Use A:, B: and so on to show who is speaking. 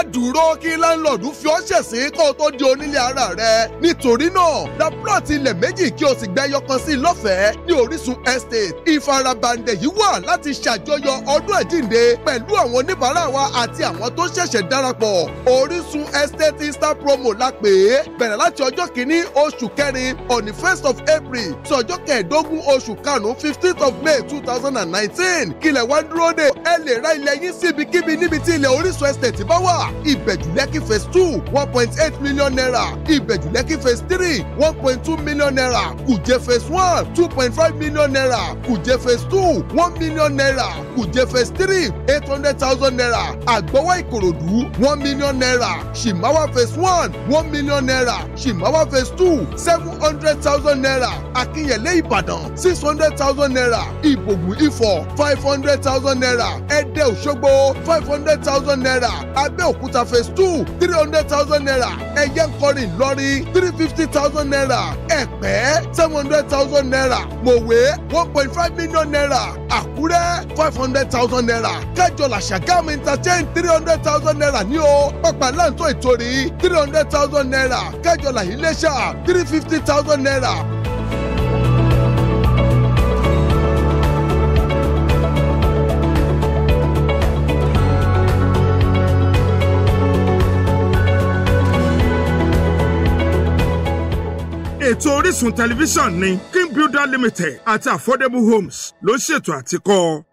A: má dúró kí láńlọ́ọ̀dù fi ọ́ ṣẹ̀sìn kó o tó di onílé ara rẹ nítorí náà ra plot ilẹ̀ méjì kí o sì gba ẹyọ kan I lọ́fẹ̀ẹ́ ní Orísun Estate ìfarabandẹ̀ yìí wà láti ṣàjọyọ̀ ọdún àjíǹde pẹ̀lú àwọn oníbàárà wa àti àwọn tó ṣẹ̀ṣẹ̀ darapọ̀ Orísun Estate Insta promo la pè é bẹ̀rẹ̀ láti ọjọ́ kìíní oṣù kẹrin on the first of April sí ọjọ́ kẹẹ̀ẹ́dógún oṣù karùn-ún fifteenth of May two thousand and nineteen kílẹ̀ wá dúró de ẹ lè ra ilẹ̀ yín síbikíbi níbi tí ilẹ̀ Orísun Estate bá wà ibẹ̀ jùlẹ̀. one point eight million naira ìbẹ̀jú lẹ́kì phase three one point two million naira kùjẹ́ phase one two point five million naira kùjẹ́ phase two one million naira kùjẹ́ phase three eight hundred thousand naira àgbọ̀wọ́ ìkòròdú one million naira ṣìmáwá phase one one million naira ṣìmáwá phase two seven hundred thousand naira akínyẹ̀lẹ̀ ìbàdàn six hundred thousand naira ìbògùn ifọ̀ five hundred thousand naira ẹ̀dẹ́ òṣogbo five hundred thousand naira abẹ́òkúta phase two three hundred thousand thousand naira ẹ̀yẹ́ kọrin lọ́rí three fifty thousand naira ẹ̀pẹ́ seven hundred thousand naira mọ̀wé one point five million naira àkúrẹ́ five hundred thousand naira kẹjọlá ṣàgámù interchange three hundred thousand naira ní o pápá láǹtó ìtòrí three hundred thousand naira kẹjọlá iléṣà three fifty thousand naira. ètò Orísun tẹlifíṣàn ní King Builder Limited àti Affordable Homes ló ṣètò àtikọ́.